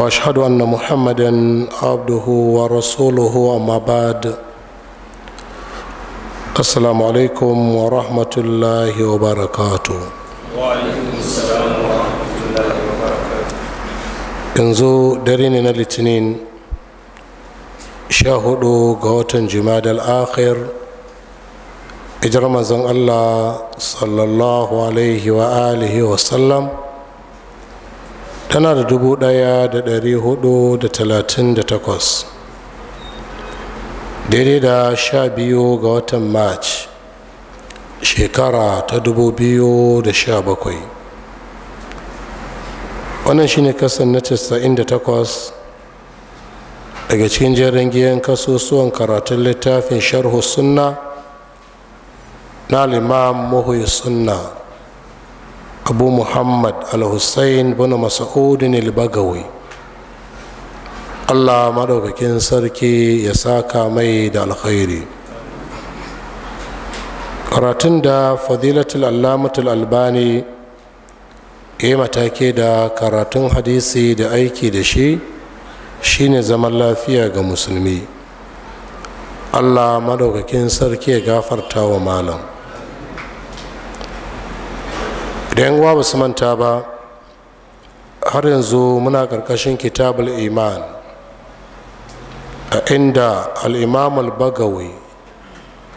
واشهد ان محمدا عبده ورسوله اما بعد السلام عليكم ورحمه الله وبركاته yanzu dare ne na litinin sha hudu ga watan da akhir ijar manzon allah sallallahu alaihi wa alihi wa sallam tana da dubu ɗaya da dari hudu da talatin da takwas daidai da sha biyu ga watan march shekara ta dubu biyu da sha bakwai wannan shine kasan na casa'in da takwas daga cikin jerin giyan kasusuwan karatun littafin sharhu sunna na limam muhuyi sunna abu muhammad al-hussein bin mas'udin al-bagawi allah maɗaukakin sarki ya saka mai da alkhairi karatun da fadilatul allamatul albani ya matake da karatun hadisi da aiki da shi shine zaman lafiya ga musulmi allah maɗaukakin sarki ya gafarta wa malam Yan wa ba su manta ba har yanzu muna karkashin kitabul iman a inda al-imam al-bagawi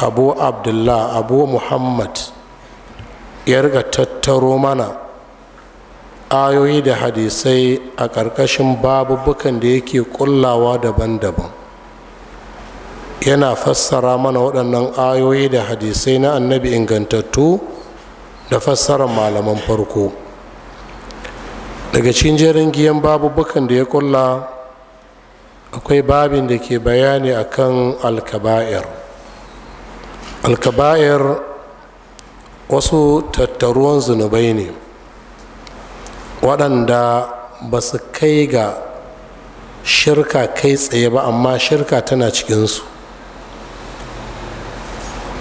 abu abdullah abu muhammad ya riga tattaro mana ayoyi da hadisai a ƙarƙashin babubukan da yake kullawa daban-daban yana fassara mana waɗannan ayoyi da hadisai na annabi ingantattu da fassarar malaman farko daga cikin jerin giyan babubukan da ya kulla akwai babin da ke bayani akan alkaba'ir alkaba'ir wasu tattaruwan zunubai ne waɗanda ba su kai ga shirka kai tsaye ba amma shirka tana cikinsu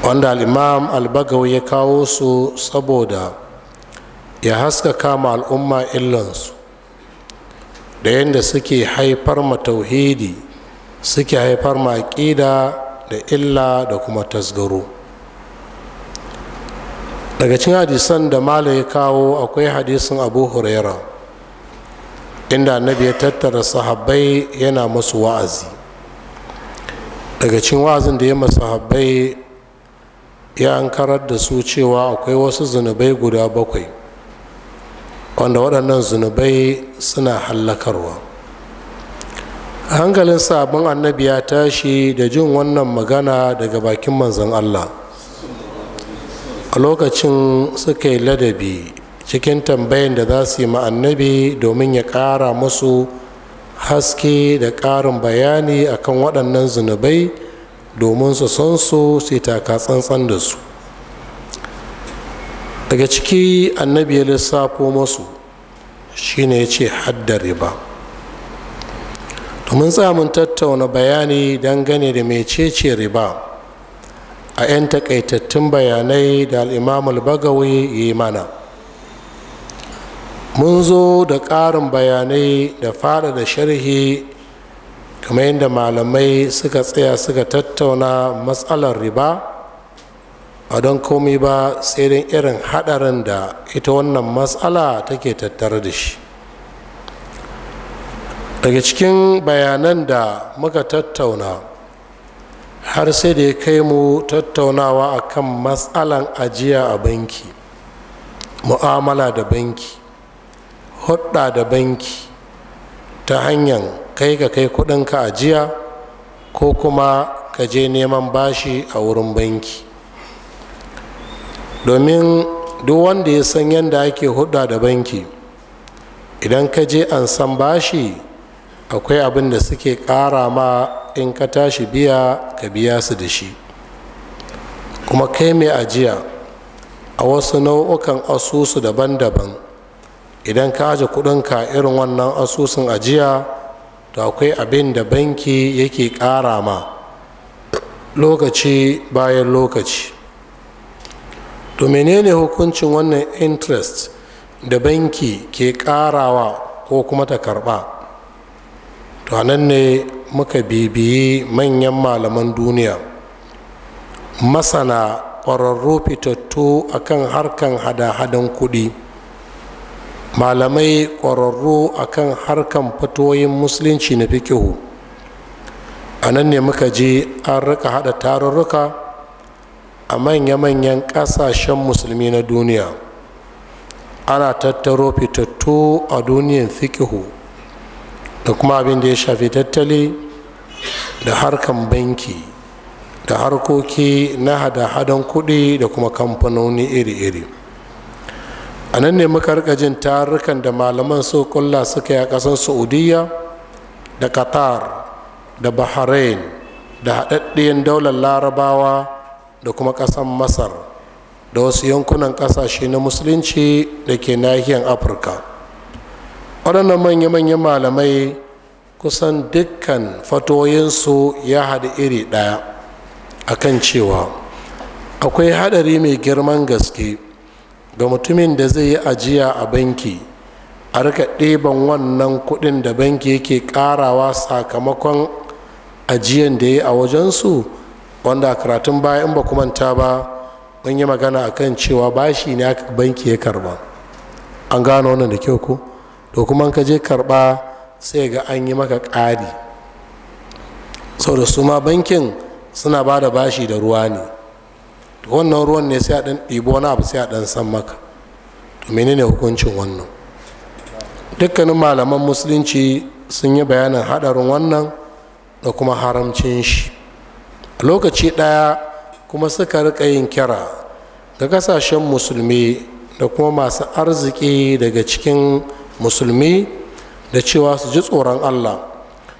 wanda al'imam albagawi ya kawo su saboda ya haska kama al'umma illansu da yadda suke haifar ma tauhidi suke haifar ma aƙida da illa da kuma tasgaro daga cin hadisan da Malam ya kawo akwai hadisin abu huraira inda annabi ya tattara sahabbai yana masu wa'azi daga cin wa'azin da ya masu sahabbai ya an karar da su cewa akwai wasu zunubai guda bakwai wanda waɗannan zunubai suna hallakarwa hankalin sabon annabi ya tashi da jin wannan magana daga bakin manzon allah a lokacin suka yi ladabi cikin tambayin da za su yi annabi domin ya ƙara musu haske da ƙarin bayani akan waɗannan zunubai domin su son su sai taka tsantsan da su daga ciki annabi ya lissafo masu shine ya ce hadda riba domin mun tattauna bayani dangane da mai mecece riba a 'yan takaitattun bayanai da al'imamul bagawi ya yi mana mun zo da ƙarin bayanai da fada da sharhi kamar yadda malamai suka tsaya suka tattauna matsalar riba a don komi ba sai don irin haɗarin da ita wannan matsala take tattare da shi daga cikin bayanan da muka tattauna har sai da ya kai mu tattaunawa akan matsalan ajiya a banki mu'amala da banki hudda da banki ta hanyar kai ka kai kudinka ajiya ko kuma ka je neman bashi a wurin banki domin duk wanda ya san yadda ake hudu da banki idan ka je an san bashi akwai abin da suke kara ma in ka tashi biya ka biya su da shi kuma kai mai ajiya a wasu nau'ukan asusu daban-daban idan ka aje kudinka irin wannan asusun ajiya to akwai abin da banki yake ƙara ma lokaci bayan lokaci to menene hukuncin wannan interest da banki ke ƙarawa ko kuma ta karɓa to nan ne muka bibiyi manyan malaman duniya masana ƙwararru fitattu akan harkan hada-hadan kuɗi malamai ƙwararru a kan harkan fatoyin musulunci na fikihu a nan ne muka je an rika haɗa tarurruka a manya-manyan ƙasashen musulmi na duniya ana tattaro fitattu a duniyan fikihu da kuma abin da ya shafi tattali da harkan banki da harkoki na hada-hadan kuɗi da kuma kamfanoni iri-iri a nan ne muka rika jin tarukan da malaman su kulla suka yi a ƙasar saudiya da qatar da bahrain da haɗaɗɗiyar daular larabawa da kuma ƙasar masar da wasu yankunan ƙasashe na musulunci da ke nahiyar afirka waɗannan manya-manyan malamai kusan dukkan fatoyinsu ya haɗu iri ɗaya akan cewa akwai haɗari mai girman gaske ga mutumin da zai yi ajiya a banki a rika ɗeban wannan kuɗin da banki yake ƙarawa sakamakon ajiyan da ya yi a wajensu wanda a karatun baya in ba kumanta ba mun yi magana akan cewa bashi ne banki ya karba an gano wannan da kyau ko to kuma ka je karba sai ga an yi maka ƙari sau da su ma bankin suna ba da bashi da ruwa ne wannan ruwan ne sai a dan ɗibo na abu sai a dan san maka to menene hukuncin wannan dukkanin malaman musulunci sun yi bayanin hadarin wannan da kuma haramcin shi a lokaci ɗaya kuma suka rika yin kira ga kasashen musulmi da kuma masu arziki daga cikin musulmi da cewa su ji tsoron allah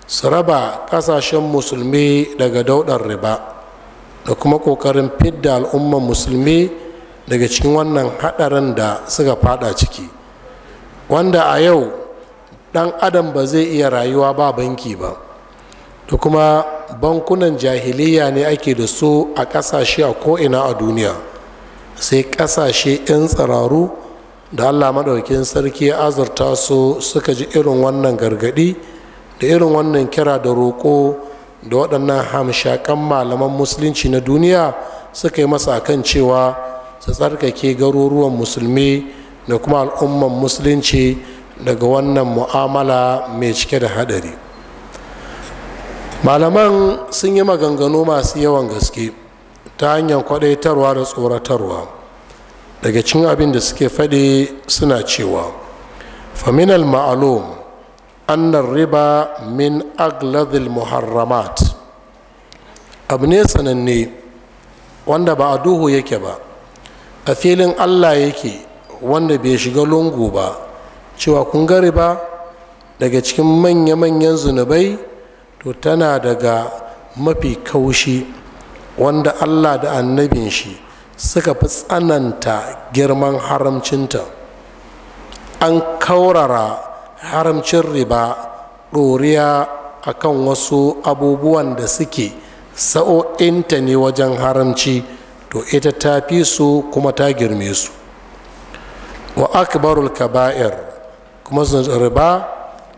su raba kasashen musulmi daga daudar riba da kuma kokarin fidda al'ummar musulmi daga cikin wannan hadarin da suka fada ciki wanda a yau dan adam ba zai iya rayuwa ba banki ba da kuma bankunan jahiliya ne ake da su a kasashe a ko'ina a duniya sai kasashe 'yan tsiraru da allah maɗaukin sarki ya azurta su suka ji irin wannan gargadi da irin wannan kira da roƙo da waɗannan hamshakan malaman musulunci na duniya suka yi masa kan cewa su tsarkake garuruwan musulmi da kuma al'umman musulunci daga wannan mu'amala mai cike da haɗari malaman sun yi maganganu masu yawan gaske ta hanyar kwadaitarwa da tsoratarwa daga cin abin da suke faɗi suna cewa faminal ma'alum annar riba min agladil muharramat abu ne sananne wanda ba a duhu yake ba a filin allah yake wanda bai shiga lungu ba cewa kun ga riba daga cikin manya-manyan zunubai to tana daga mafi kaushi wanda allah da annabin shi suka fi tsananta girman haramcinta an kaurara haramcin riba ɗoriya a kan wasu abubuwan da suke sa'o'inta ne wajen haramci to ita ta fi su kuma ta girme su wa akbarul kaba'ir kuma riba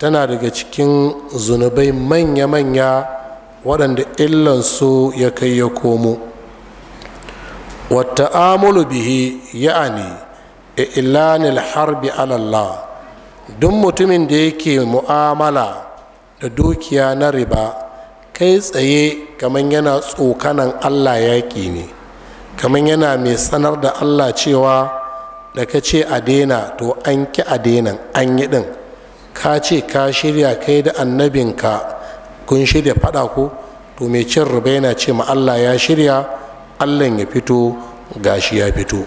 tana daga cikin zunubai manya-manya waɗanda illansu ya kai ya komo wata bihi ya'ani e ilanil harbi alallah duk mutumin da yake mu'amala da dukiya na riba kai tsaye kamar yana tsokanan allah yaƙi ne kamar yana mai sanar da allah cewa da ka ce a daina to an ki a denan an yi ɗin ka ce ka shirya kai da annabinka kun shirya faɗa ko to mai cin riba yana ce ma allah ya shirya allah ya fito gashi ya fito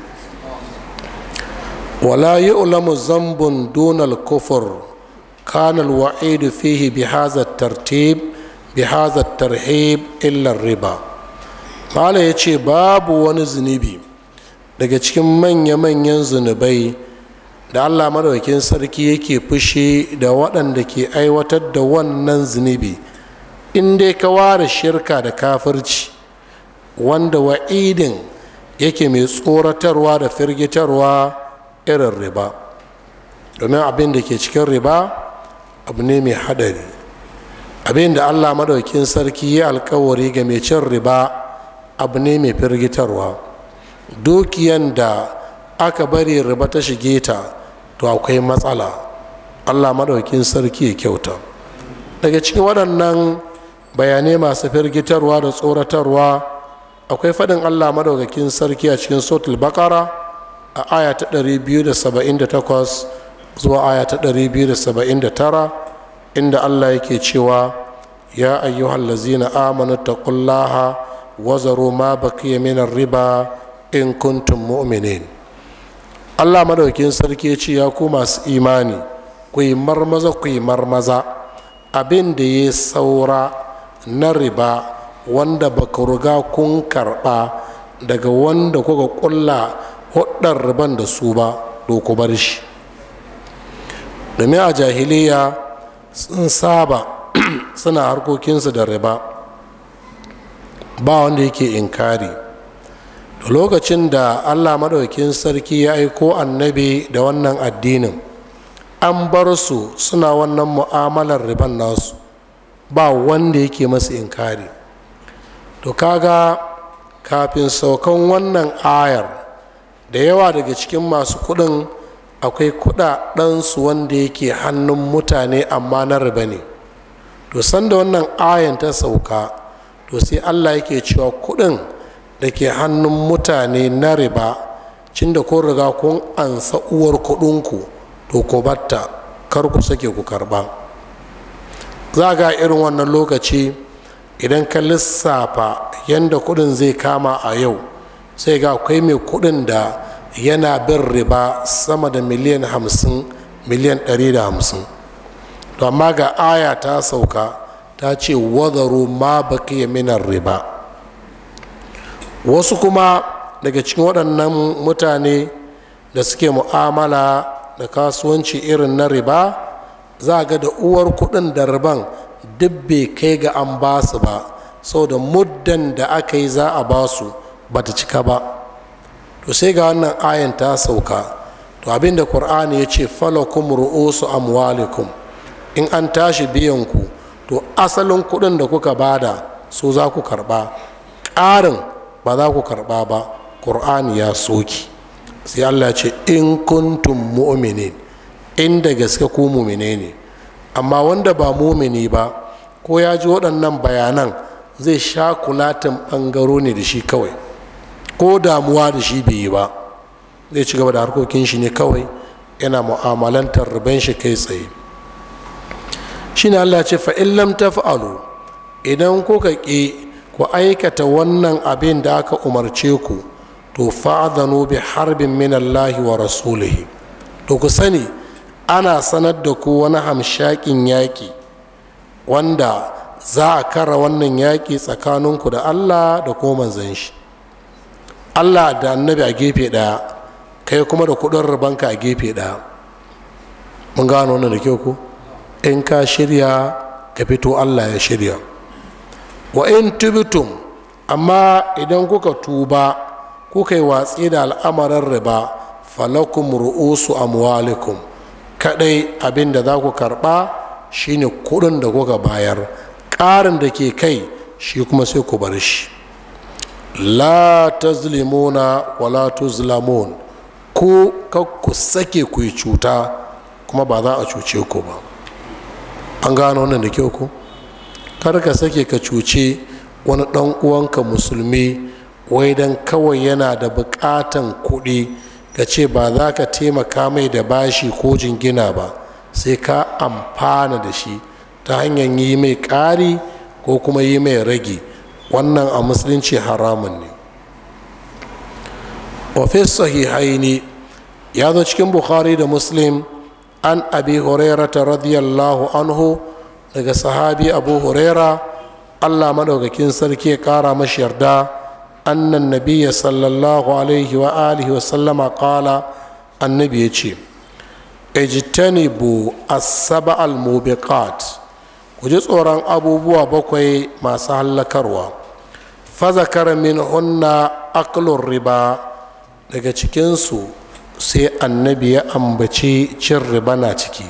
wala يؤلم zambun دون kufur كان الوعيد فيه بهذا الترتيب بهذا illar hadha الربا قال riba mala yace babu wani zunubi daga cikin manya-manyan zunubai da allah madaukin sarki yake fushi da waɗanda ke aiwatar da wannan zunubi in dai ka ware shirka da kafirci wanda wa'idin yake mai tsoratarwa da firgitarwa irin riba domin abin da ke cikin riba abu ne mai haɗari abin da allah maɗaukin sarki ya alkawari ga mai cin riba abu ne mai firgitarwa dukiyan da aka bari riba ta shige ta to akwai matsala allah maɗaukin sarki ya kyauta daga cikin waɗannan bayanai masu firgitarwa da tsoratarwa akwai faɗin allah maɗaukakin sarki a cikin sotul bakara a aya ta 278 zuwa aya ta 279 inda allah yake cewa ya ayyuhal lazina amanu taqullaha wazaru ma baqiya minar riba in kuntum mu'minin allah madaukin sarki ce ya ku masu imani ku yi marmaza ku yi marmaza abin da ya saura na riba wanda baka ruga riga kun karɓa daga wanda kuka ƙulla hudar riban da su ba to bar shi domin a jahiliya sun saba suna harkokinsu da riba ba wanda yake inkari da lokacin da allah maɗaukin sarki ya aiko annabi da wannan addinin an bar su suna wannan mu'amalar riban nasu ba wanda yake masu inkari to kaga kafin saukan wannan ayar da yawa daga cikin masu kuɗin akwai kuɗaɗensu wanda yake hannun mutane amma na riba ne to sanda wannan ayan ta sauka to sai allah yake cewa kuɗin da ke hannun mutane na riba cin da kun riga kun ansa uwar kuɗinku to ku batta kar ku sake ku karɓa za ga irin wannan lokaci idan ka lissafa yadda kuɗin zai kama a yau sai ga akwai mai kuɗin da yana bin riba sama da miliyan hamsin miliyan ɗari da hamsin to amma ga aya ta sauka ta ce wadaru ma baki minar riba wasu kuma daga cikin waɗannan mutane da suke mu'amala da kasuwanci irin na riba za a ga da uwar kuɗin da riban duk bai kai ga an basu ba sau da muddan da aka yi za a basu ba ta cika ba to sai ga wannan ayan ta sauka to abinda qur'ani ya ce falakum ru'usu amwalikum in an tashi biyan ku to asalin kuɗin da kuka bada su za ku karɓa ƙarin ba za ku karɓa ba ƙur'ani ya soki sai allah ce in kuntun mu'minin in da gaske ku mu'mine ne amma wanda ba mu'mini ba ko ya ji waɗannan bayanan zai sha kulatin ɓangaro ne da shi kawai ko damuwa da shi bai yi ba zai ci gaba da harkokin shi ne kawai yana mu'amalantar ruban shi kai tsaye shi ne allah ce fa'in lam fa'alu idan kuka ƙi ku aikata wannan abin da aka umarce ku to fa'adhanu bi harbin min allahi wa rasulihi to ku sani ana sanar da ku wani hamshakin yaƙi wanda za a kara wannan yaƙi tsakaninku da allah da ko manzan shi allah da annabi a gefe ɗaya kai kuma da kudin ribanka a gefe ɗaya mun gano wannan da kyau ko in ka shirya ka fito allah ya shirya wa in tubitum amma idan kuka tuba kuka yi watsi da al'amarin riba falakum ru'usu amwalikum kadai abin da za ku karba shine kudin da kuka bayar ƙarin da ke kai shi kuma sai ku bar shi la tazlimuna wala tuzlamun ko ku sake ku yi cuta kuma ba za a cuce ku ba an gano wannan da kyau ku kar ka sake ka cuce wani ɗan uwanka musulmi wai dan kawai yana da bukatan kuɗi ka ce ba za ka taimaka mai da bashi ko jingina ba sai ka amfana da shi ta hanyar yi mai ƙari ko kuma yi mai rage wannan a musulunci haramun ne ofis sahihaini ya zo cikin bukhari da muslim an abi hurairata radiyallahu anhu daga sahabi abu huraira allah maɗaukakin sarki ya ƙara mashi yarda annan nabiya sallallahu alaihi wa alihi wa sallama ƙala annabi ya ce ejitani bu asaba al-mubiqat ku ji tsoron abubuwa bakwai masu hallakarwa fazakar min hunna aklun riba daga cikinsu sai annabi ya ambaci cin riba na ciki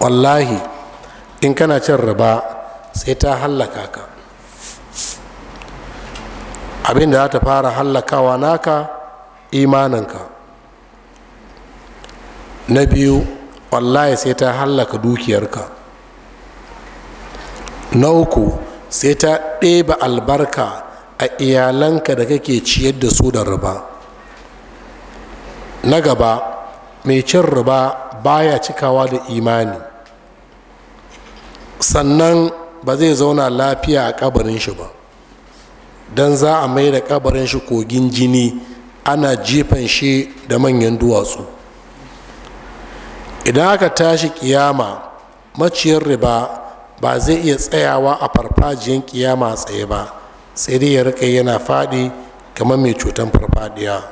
wallahi in kana cin riba sai ta hallaka ka abin da za ta fara hallakawa naka imaninka na biyu wallahi sai ta hallaka dukiyarka na uku sai ta ɗeba albarka a iyalanka da kake ciyar da su da riba na gaba mai cin riba baya cikawa da imani sannan ba zai zauna lafiya a kabarin shi ba don za a mai da kabarin shi kogin jini ana jifan shi da manyan duwatsu idan aka tashi kiyama maciyar riba ba zai iya tsayawa a farfajiyar kiyama tsaye ba sai dai ya rika yana faɗi kamar mai cutar farfadiya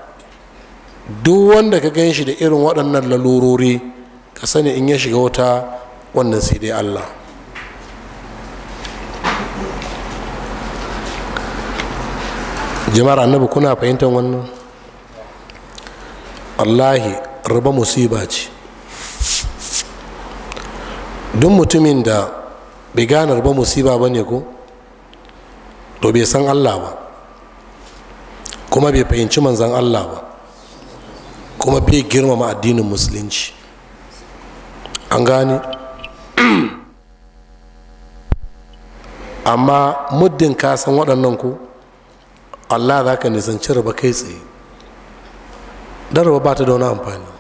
duk wanda ka gan shi da irin waɗannan lalurori ka sani in ya shiga wuta, wannan sai dai allah jama'ar annabi kuna fahimtar wannan wallahi riba musiba ce duk mutumin da bai gane ba musiba ba ne ko to bai san allah ba kuma bai fahimci manzan allah ba kuma bai girmama addinin musulunci an gane amma muddin ka san waɗannan ku allah za ka nisanci raba kai tsaye don ba ta da wani amfani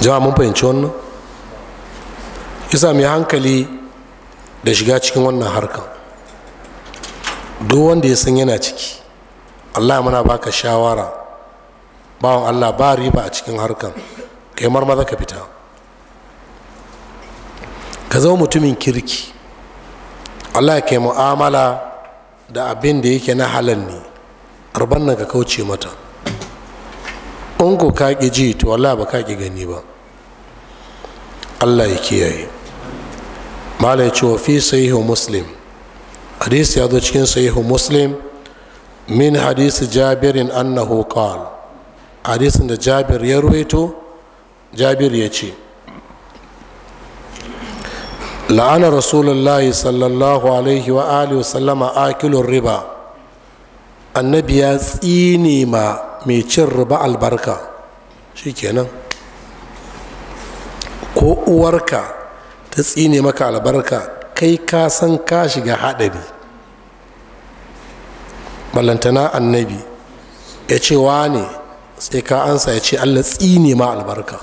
jama'a mun fahimci wannan isa mai hankali da shiga cikin wannan harkan duk wanda ya san yana ciki allah muna baka shawara bawan allah ba riba a cikin harkan kai marmaza ka fita ka zama mutumin kirki allah kai mu'amala da abin da yake na halal ne arban nan ka kauce mata in ko ka ƙi ji to allah ba ka ƙi gani ba allah ya kiyaye mala ya ce wa fi sahihu muslim hadisi ya zo cikin sahihu muslim min hadisi jabirin annahu qal hadisin da jabir ya ruwaito jabir ya ce la'ana rasulullahi sallallahu alaihi wa alihi wa a akilun riba annabi ya tsine ma mai cin riba albarka shi kenan. ko uwarka ta tsine maka albarka kai ka san ka shiga haɗari ballantana annabi ya ce wa ne sai ka ansa ya ce allah tsine ma albarka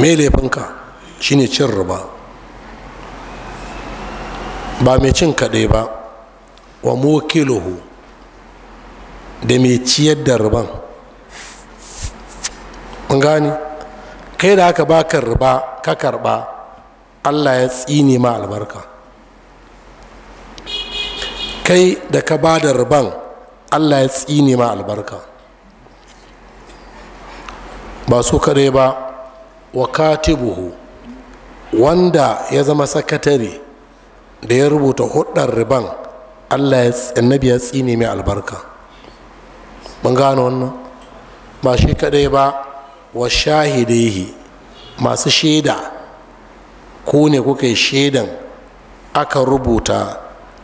mai laifinka shine cin riba ba mai cin kaɗai ba wa mokilohu da mai ciyar da riban an kai da aka baka riba ka karba allah ya tsini ma albarka kai da ka ba da riban allah ya tsini ma albarka ba su kare ba wa katibuhu wanda ya zama sakatare da ya rubuta hudar riban allah ya annabi ya tsini mai albarka mun gano wannan ba shi kadai ba wa masu shaida ku ne kuka yi shaidan aka rubuta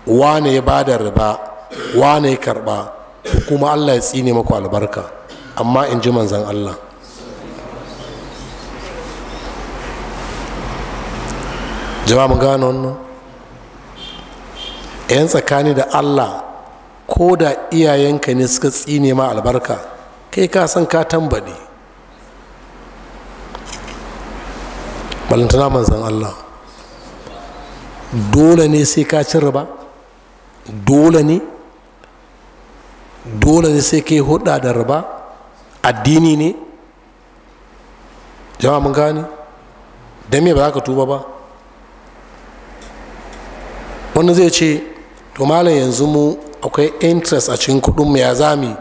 wane ya ba da riba wane ya karba kuma allah ya tsine maku albarka amma in ji manzan allah jama'a mun gano wannan yan tsakani da allah ko da iyayenka ne suka tsine ma albarka kai ka san ka tambade balantana manzan Allah dole ne sai ka ci riba dole ne dole ne sai ka yi hudda da riba addini ne jama'a mun gane don me ba za ka tuba ba wani zai ce to malam yanzu mu akwai interest a cikin kudin mu ya zami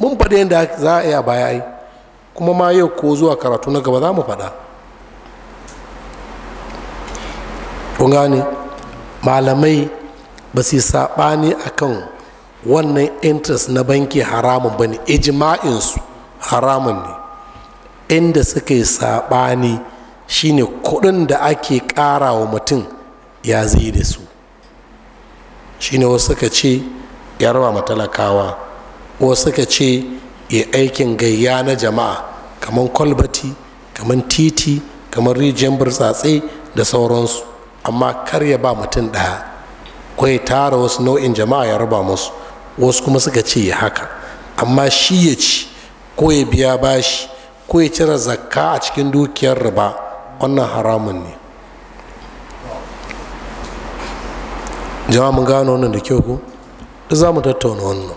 mun faɗi yadda za a yi a baya kuma ma yau ko zuwa karatu na gaba za mu faɗa kun gane malamai ba su saɓani a kan wannan interest na banki haramun ba ne ijma'insu haramun ne inda suka yi saɓani shine kuɗin da ake ƙara wa mutum ya zai da su shine wasu suka ce ya raba matalakawa wasu suka ce ya aikin gayya na jama'a kamar kwalbati kamar titi kamar rijiyar burtsatse da sauransu amma kar ya ba mutum ɗaya ko ya tara wasu nau'in jama'a ya raba musu wasu kuma suka ce ya haka amma shi ya ci ko ya biya bashi ko ya cire zakka a cikin dukiyar riba wannan haramun ne jama'a mun gano wannan da kyau ko duk za mu tattauna wannan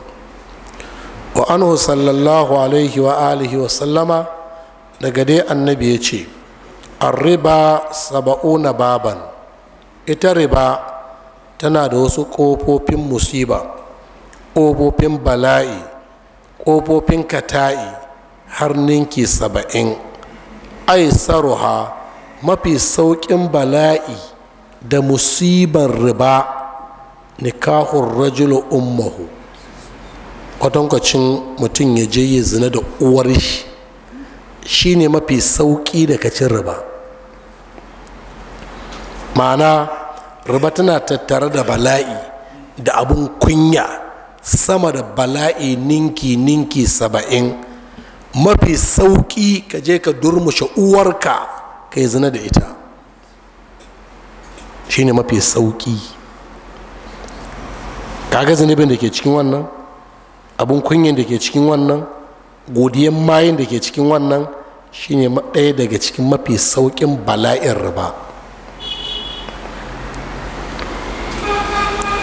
wa anhu sallallahu alaihi wa alihi wa sallama daga dai annabi ya ce arriba saba'una baban ita riba tana da wasu ƙofofin musiba ƙofofin bala'i ƙofofin kata'i har ninki saba'in aisaruha mafi sauƙin bala'i da musibar riba nikahun rajulu ummahu kwatankwacin mutum ya je ya zina da uwar shi shine mafi sauƙi daga cin riba ma'ana riba tana tattare da bala'i da abun kunya sama da bala'i ninki ninki saba'in mafi sauƙi ka je ka durmushe uwarka ka yi zina da ita shine mafi sauƙi kaga zunubin da ke cikin wannan abun kunyan da ke cikin wannan godiyan mayin da ke cikin wannan shine ɗaya daga cikin mafi sauƙin bala'in riba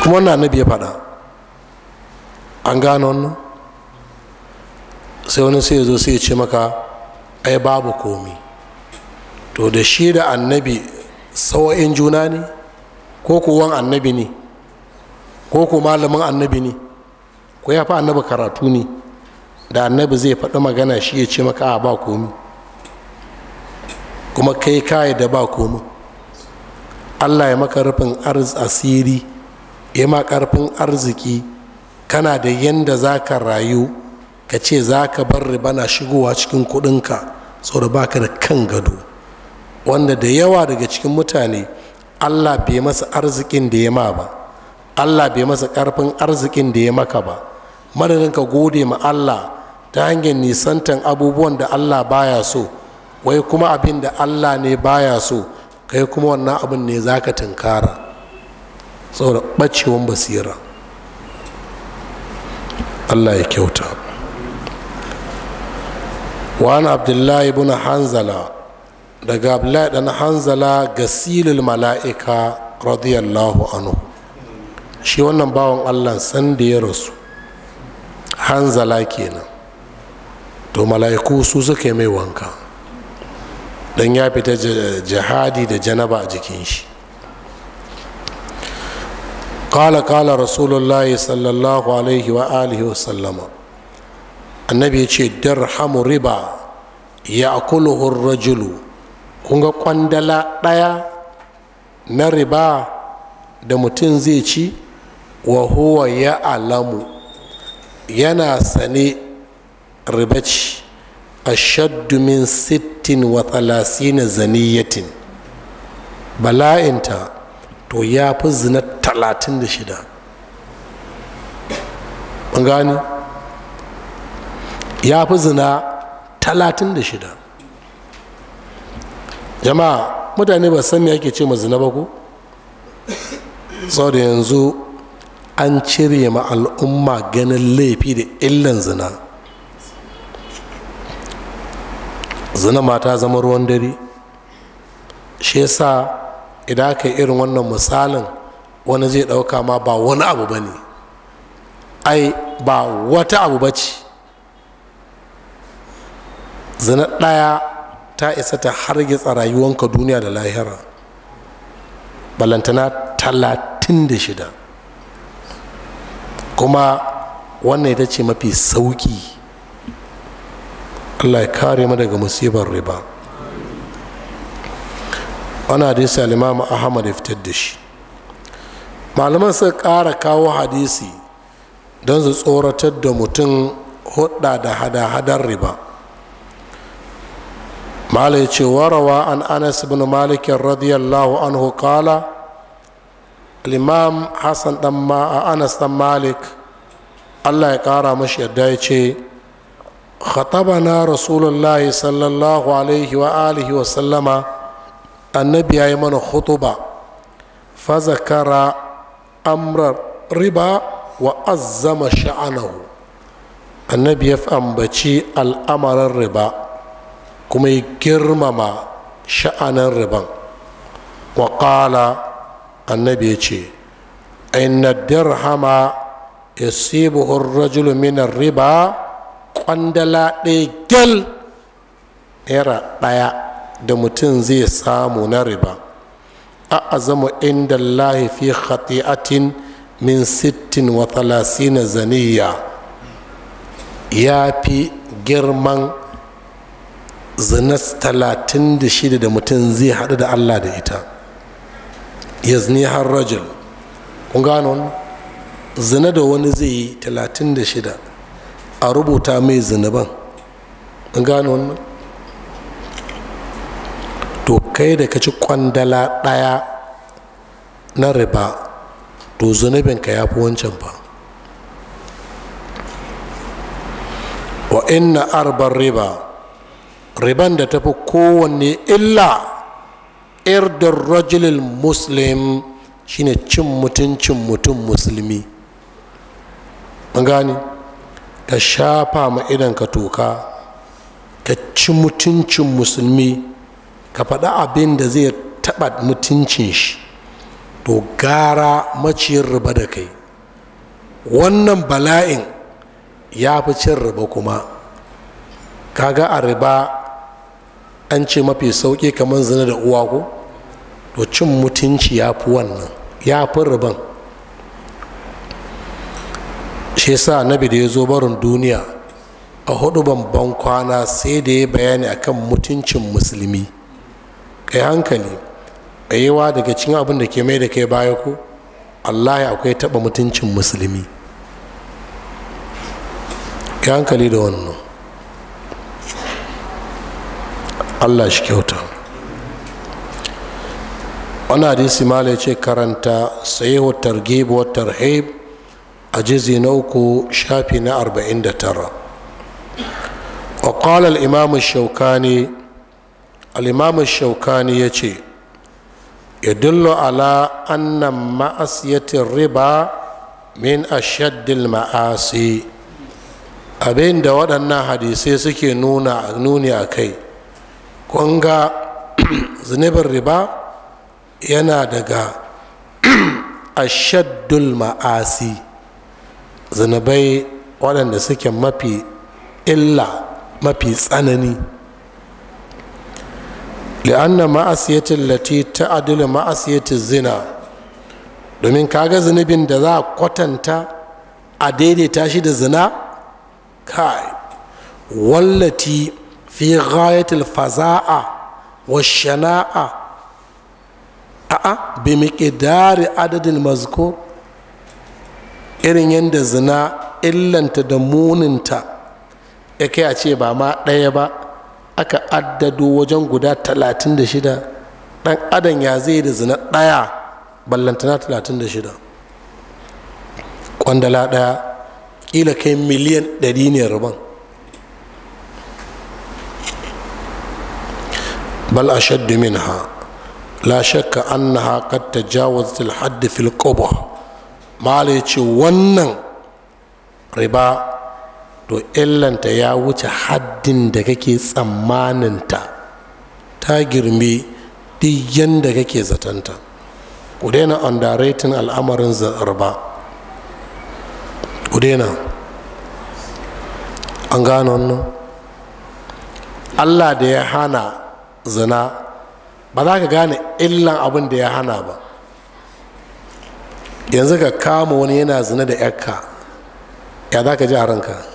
kuma wannan annabi ya faɗa an gano wannan sai wani sai ya zo sai ya ce maka ai babu komi to da shi da annabi sawa'in juna ne ko kuwan annabi ne ko ku malamin annabi ne ko ya fi annabi karatu ne da annabi zai faɗi magana shi ya ce maka a ba komi kuma kai kayi da ba komi allah ya maka rufin arz asiri ya ma karfin arziki kana da yadda za ka rayu ka ce za ka bar riba na shigowa cikin kudinka saboda baka da kan gado wanda da yawa daga cikin mutane allah bai masa arzikin da ya ma ba allah bai masa karfin arzikin da ya maka ba madadin ka gode ma allah ta hanyar nisantan abubuwan da allah baya so wai kuma abin da allah ne baya so kai kuma wannan abin ne za ka tunkara saboda ɓacewan basira allah ya kyauta wani abdullahi ibn hanzala daga abdullahi ɗan hanzala gasilul mala'ika radiyallahu anhu shi wannan bawan allah san da ya rasu hanzala kenan to mala'iku su suke mai wanka don ya fita jihadi da janaba a jikin shi qala kala rasulullahi sallallahu alaihi wa alihi wa sallama annabi ya ce dirhamu riba ya akuluhu rajulu kun ga kwandala ɗaya na riba da mutum zai ci wa ya alamu yana sane riba ci ashaddu min sittin wa talatin zaniyatin bala'inta to ya fi zina talatin da shida gani ya fi zina talatin da shida jama'a mutane ba san me ake ce ma zina ba ko da yanzu an cire ma al'umma ganin laifi da illan zina zina mata zama ruwan dare shi yasa idan ka yi irin wannan misalin wani zai ɗauka ma ba wani abu ba ne ai ba wata abu ba ce zina ɗaya ta isa ta hargitsa rayuwanka duniya da lahira balantana talatin da shida kuma wannan ita ce mafi sauƙi allah ya kare mu daga musibar riba wani hadisi alimamu ahmad ya fitar da shi malaman suka ƙara kawo hadisi don su tsoratar da mutum hudda da hada-hadar riba mala ya ce warawa an anas bin malikin radiyallahu anhu kala limam hassan dan anas dan malik allah ya kara mashi yadda ya ce خطبنا رسول sallallahu alaihi wa alihi wa sallama annabi ya yi mana hutuba fazakara amrar riba wa azama sha'anahu annabi ya ambaci al'amarin riba kuma ya girmama sha'anin riban wa ƙala annabi ya ce inna dirhama ya sibuhun rajulu minar riba ƙwandala ɗaya gyal naira ɗaya da mutum zai samu na riba a azama inda lahi fi khati'atin min sittin wa talasina zaniya ya fi girman zinas talatin da shida da mutum zai haɗu da allah da ita zini har rajul kun gano zina da wani zai yi talatin da shida a rubuta mai zinuban kun gano wannan kai da ka ci kwandala ɗaya na riba to zunubinka ya fi wancan ba wa inna arbar riba riban da tafi kowanne illa irdar rajulil muslim shine cin mutuncin mutum musulmi gani ka shafa ma idan ka toka ka ci mutuncin musulmi ka faɗa abin da zai taɓa mutuncin shi to gara maciyar riba da kai wannan bala'in ya fi cin riba kuma kaga a riba an ce mafi sauƙi kamar zina da uwa ko to cin mutunci ya fi wannan ya fi riban shi sa nabi da ya zo barin duniya a hudu ban kwana sai da ya bayani akan mutuncin musulmi kai hankali wa daga cikin abin da ke mai da kai baya ko ya akwai taɓa mutuncin musulmi kai hankali da wannan allah shi kyauta wani hadisi ma ya ce karanta sahihu targhib wa tarhib a jizi na uku shafi na 49 وقال qala الشوكاني al'imamu shaukani ya ce yadullu ala annan ma'asiyatin riba min ashaddil ma'asi abin da waɗannan hadisai suke nuna nuni a kai ƙunga zunubin riba yana daga ashaddul ma'asi zunubai waɗanda suke mafi illa mafi tsanani li'anna ma'asiyatin lati ta'adilu ma'asiyatin zina domin kaga zunubin da za a kwatanta a daidaita shi da zina kai wallati fi ghayatil faza'a wa shana'a a'a bi miqdari adadin mazkur irin yadda zina illanta da muninta ya kai a ce ba ma ɗaya ba addado wajen guda talatin da shida ɗan adam ya zai da zina ɗaya ballantana talatin da shida kwandala ɗaya ƙila kai miliyan ɗari ne rabon bal ashaddu minha la shakka annaha qad tajawazat al-hadd fil qubh malai ce wannan riba to illanta ya wuce haddin da kake tsammaninta ta girme duk yadda kake zatanta ku daina underrating al'amarin zarba ku daina an gano wannan allah da ya hana zina ba za ka gane illan abin da ya hana ba yanzu ka kama wani yana zina da yakka ya za ka ji a ranka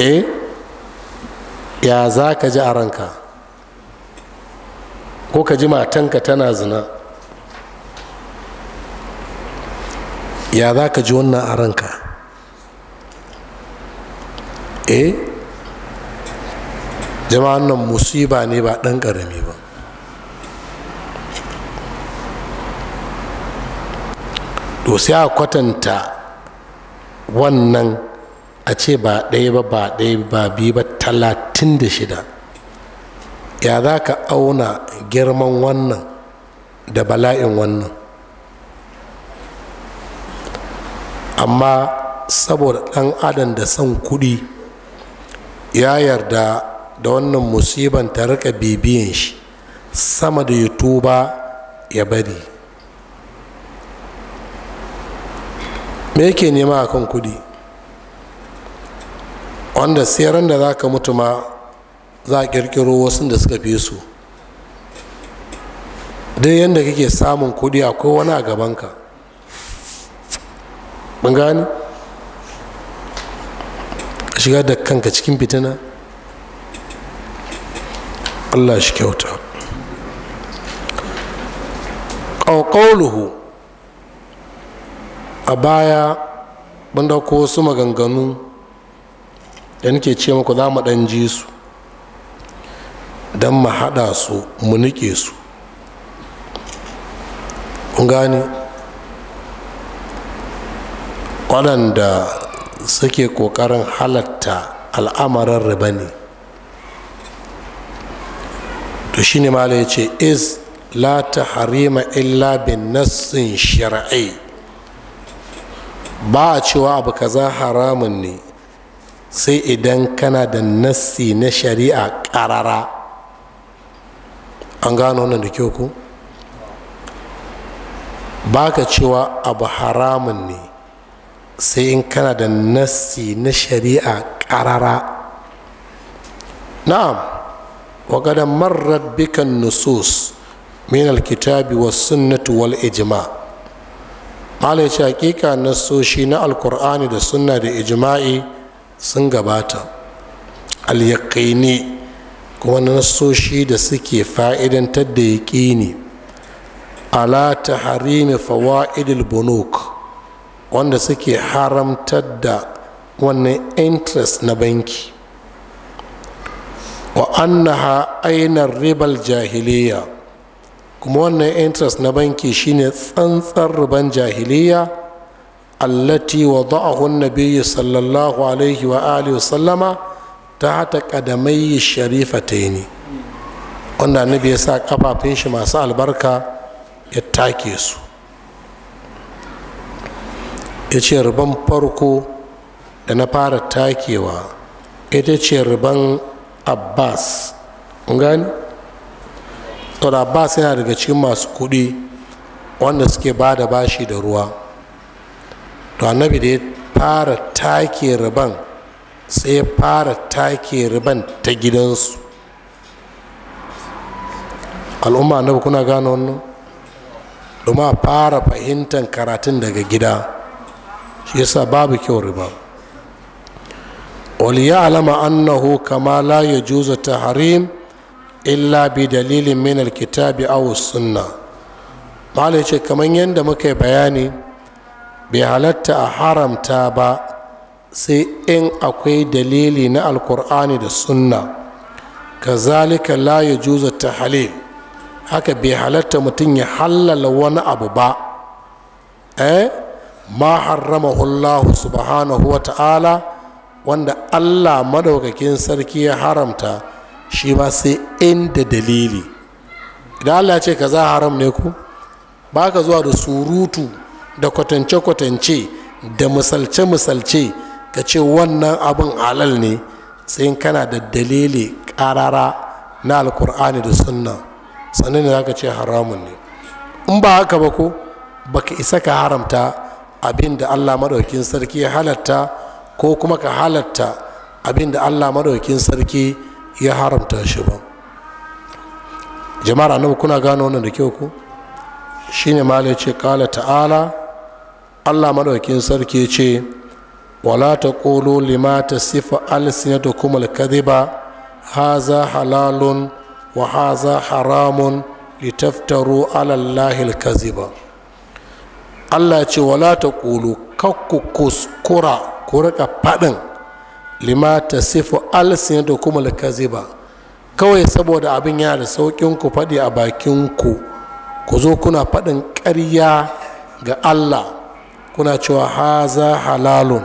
eh ya za ka ji a ranka ko ka ji matanka tana zina ya za ka ji wannan a ranka eh jama'an nan musiba ne ba ɗan ƙarami ba to sai a kwatanta wannan a ce ba ɗaya ba ba ɗaya ba biyu ba talatin da shida ya za ka auna girman wannan da bala'in wannan amma saboda ɗan adam da son kuɗi ya yarda da wannan musiban ta rika bibiyan shi sama da yutuba ya bari me yake nema a kan kuɗi wanda sai ran da za ka mutu ma za a kirkiro wasu da suka fi su dai yadda kake samun kudi akwai wani a gabanka ban gani shigar da kanka cikin fitina allah shi kyauta ƙauƙauluhu a baya ban dauko wasu maganganu da nake ce maku za mu ɗan ji su don mu haɗa su mu niƙe su kun gane waɗanda suke ƙoƙarin halatta al'amarin riba ne to shi ne mala ya ce is la ta harima illa bin nassin shari'ai ba a cewa abu kaza haramun ne sai idan kana da nassi na shari'a ƙarara an gano wannan da kyau ku ba cewa abu haramun ne sai in kana da nassi na shari'a ƙarara na'am wa marar bikan nusus min alkitabi wa sunnatu wal ijma' malai ce hakika nasoshi na alkur'ani da sunna da ijma'i sun gabata al kuma nasoshi da suke fa'idantar da yaƙini ala ta harimi fawa'idil bunuk wanda suke haramtar da wannan interest na banki wa annaha ainar ribal jahiliya kuma wannan interest na banki shine tsantsar riban jahiliya allati wada'ahu an-nabiy sallallahu alaihi wa alihi wasallama tahta qadamai sharifataini Wannan annabi ya sa kafafun shi masu albarka ya take su ya ce ruban farko da na fara takewa ita ce ruban abbas gani to da abbas yana daga cikin masu kuɗi wanda suke bada bashi da ruwa to annabi da ya fara take riban sai ya fara take riban ta gidansu al'umma annabi kuna gano wannan domin a fara fahimtar karatun daga gida shi yasa babu kyau riba waliya alama annahu kama la ya juza ta harim illa bi dalilin min alkitabi aw sunna malai ce kamar yadda muka yi bayani bai halatta a haramta ba sai in akwai dalili na alkur'ani da sunna kazalika la ya juza ta halil haka bai halatta mutum ya hallala wani abu ba eh ma harramahullahu subhanahu wa ta'ala wanda allah madaukakin sarki ya haramta shi ba sai inda dalili idan allah ce kaza haram ne ku ba ka zuwa da surutu da kwatance-kwatance da misalce-misalce ka ce wannan abin halal ne sai kana da dalili karara na alkur'ani da sunna sannan ne zaka ce haramun ne in ba haka ba ko ka isa ka haramta abin da allah maɗaukin sarki ya halatta ko kuma ka halatta abin da allah maɗaukin sarki ya haramta shi ba jama'ar annabi kuna gano wannan da kyau ko shine ma ce kala ta'ala allah maɗaukin sarki ce wala ta ƙolo lima ta sifa da kuma haza halalun wa haza haramun litaftaru alallahi alkadiba allah ce wala ta ƙolo kakku kuskura ku rika faɗin lima sifa alisina da kuma kawai saboda abin yana da sauƙin ku faɗi a bakin ku ku zo kuna faɗin ƙarya ga allah kuna cewa haza halalun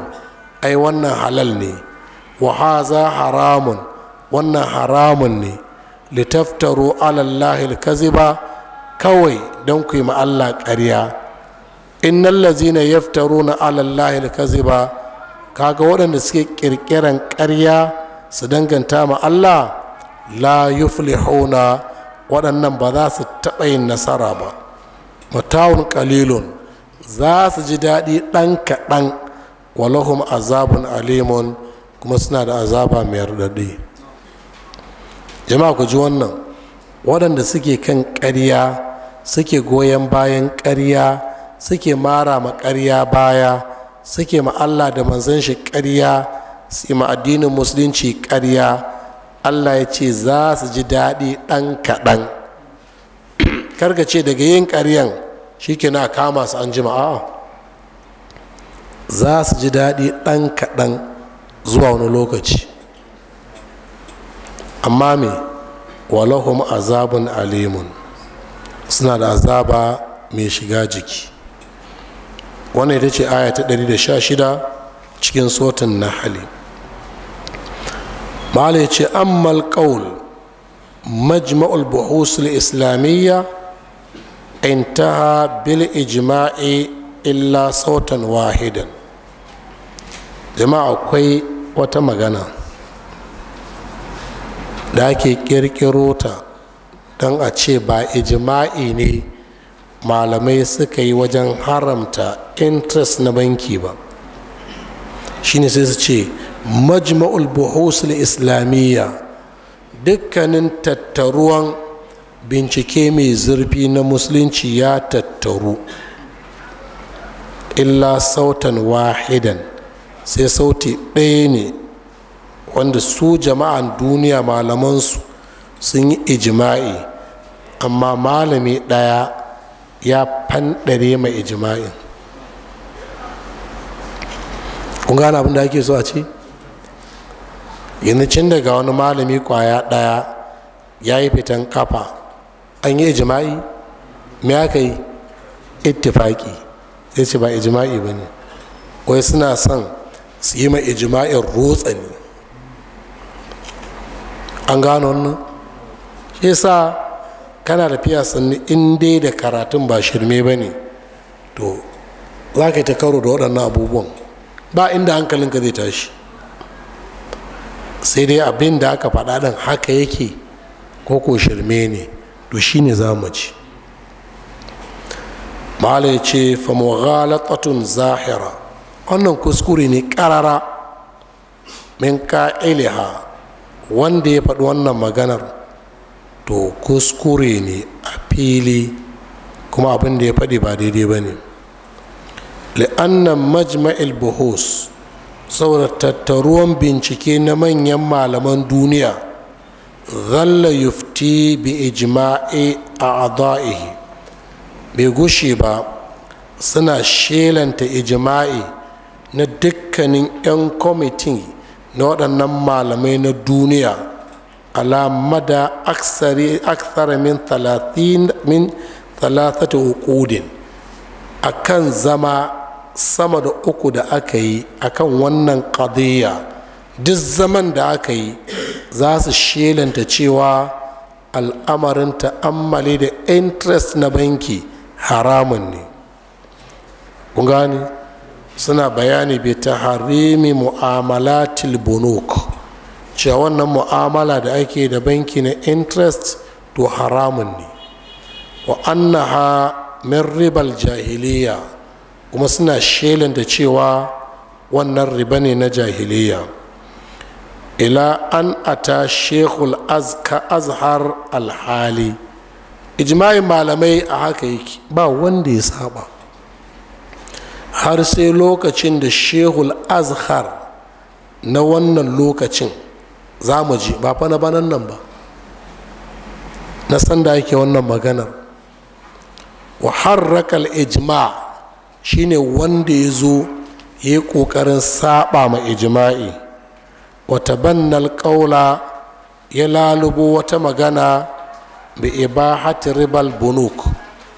ai wannan halal ne wa haza haramun wannan haramun ne litaftaru alallahi kaziba kawai don ku yi ma'alla ƙarya innan lazina yaftaru na alallahi kaziba kaga waɗanda suke ƙirƙiran ƙarya su danganta ma Allah la yuflihuna waɗannan ba za su taɓa yin nasara ba matawun ƙalilun za su ji daɗi ɗan kaɗan walahum azabun alimun kuma suna da azaba mai raɗaɗi jama'a ku ji wannan waɗanda suke kan ƙarya suke goyon bayan ƙarya suke mara ma ƙarya baya suke ma allah da manzan shi ƙarya su ma addinin musulunci ƙarya allah ya ce za su ji daɗi ɗan kaɗan karka ce daga yin ƙaryan shi ke na kama su an jima'a za su ji daɗi ɗan kaɗan zuwa wani lokaci amma me walahum azabun alimun suna da azaba mai shiga jiki wannan ita ce aya ta 116 cikin sotin na hali ma'ala ya ce ammal qaul majma'ul buhusul islamiyya intaha bil ijma'i illa sautan wahidan jama'a akwai wata magana da ake kirkiro ta don a ce ba ijima'i ne malamai suka yi wajen haramta interest na banki ba shine sai su ce majma'ul buhusul islamiyya dukkanin tattaruwan bincike mai zurfi na musulunci ya tattaru illa sautan wahidan sai sauti ɗaya ne wanda su jama'an duniya malamansu sun yi ijima'i amma malami ɗaya ya fanɗare mai ijima'in kun gane abin da ake so a ce yanzu cin daga wani malami kwaya ɗaya ya yi fitan kafa an yi ijima'i me aka yi ittifaki sai ce ba ijima'i ba ne wai suna son su yi ma ijima'in rotsani an gano wannan shi sa kana da fiya sannu in dai da karatun ba shirme ba ne to za ka yi ta karo da waɗannan abubuwan ba inda hankalinka zai tashi sai dai abin da aka faɗa haka yake ko ko shirme ne to shine za mu ci mala ya ce famughalatatun zahira wannan kuskure ne karara min ka'iliha wanda ya faɗi wannan maganar to kuskure ne a fili kuma abin da ya faɗi ba daidai ba ne li'annan majma'il buhus saboda tattaruwan bincike na manyan malaman duniya zalla ya'ti bi ijma'i adha'ihi bai gushe ba suna shelanta ijma'i na dukkanin 'yan kwamitin na waɗannan malamai na duniya alamada aksara min talatata hukudin a kan zama sama da uku da aka yi a kan wannan kadiyya duk zaman da aka yi za su shelanta cewa al'amarin ta'ammali da interest na banki haramun ne gani suna bayani bai ta harimi mu'amalatil bunuk cewa wannan mu'amala da ake da banki na interest to haramun ne wa annaha min ribal jahiliya kuma suna shelin da cewa wannan riba ne na jahiliya ila an ata shekul azhar alhali Ijima'i malamai a haka yake ba wanda ya saba har sai lokacin da shekul azhar na wannan lokacin za mu ji ba fa banan nan ba na san da yake wannan maganar wa harrakal ijma shine wanda ya zo ya yi ƙoƙarin saba ma ijima'i. wata alƙaula ya lalubo wata magana bi ibahati ribal bunuk